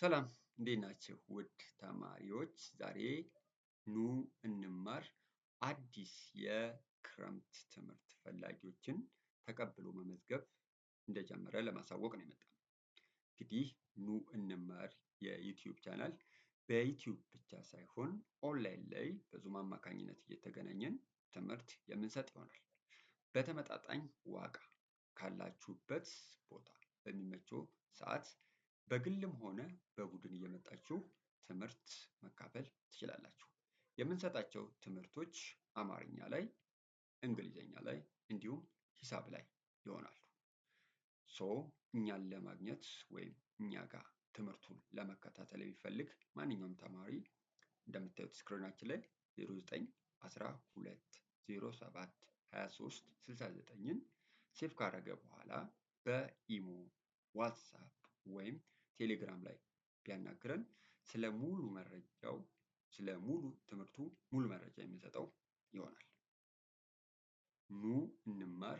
ሰላም እንዴት ናችሁ ውድ ተማሪዎች? ዛሬ ኑ እንማር አዲስ የክረምት ትምህርት ፈላጊዎችን ተቀብሎ መመዝገብ እንደጀመረ ለማሳወቅ ነው የመጣነው። እንግዲህ ኑ እንማር የዩቲዩብ ቻናል በዩቲዩብ ብቻ ሳይሆን ኦንላይን ላይ በዙም አማካኝነት እየተገናኘን ትምህርት የምንሰጥ ይሆናል። በተመጣጣኝ ዋጋ ካላችሁበት ቦታ በሚመቸው ሰዓት በግልም ሆነ በቡድን እየመጣችሁ ትምህርት መካፈል ትችላላችሁ። የምንሰጣቸው ትምህርቶች አማርኛ ላይ፣ እንግሊዝኛ ላይ እንዲሁም ሂሳብ ላይ ይሆናሉ። ሶ እኛን ለማግኘት ወይም እኛ ጋር ትምህርቱን ለመከታተል የሚፈልግ ማንኛውም ተማሪ እንደምታዩት ስክሪናችን ላይ 09 12 07 23 69 ሴፍ ካረገ በኋላ በኢሞ ዋትሳፕ ወይም ቴሌግራም ላይ ቢያናግረን ስለ ሙሉ መረጃው ስለ ሙሉ ትምህርቱ ሙሉ መረጃ የሚሰጠው ይሆናል። ኑ እንማር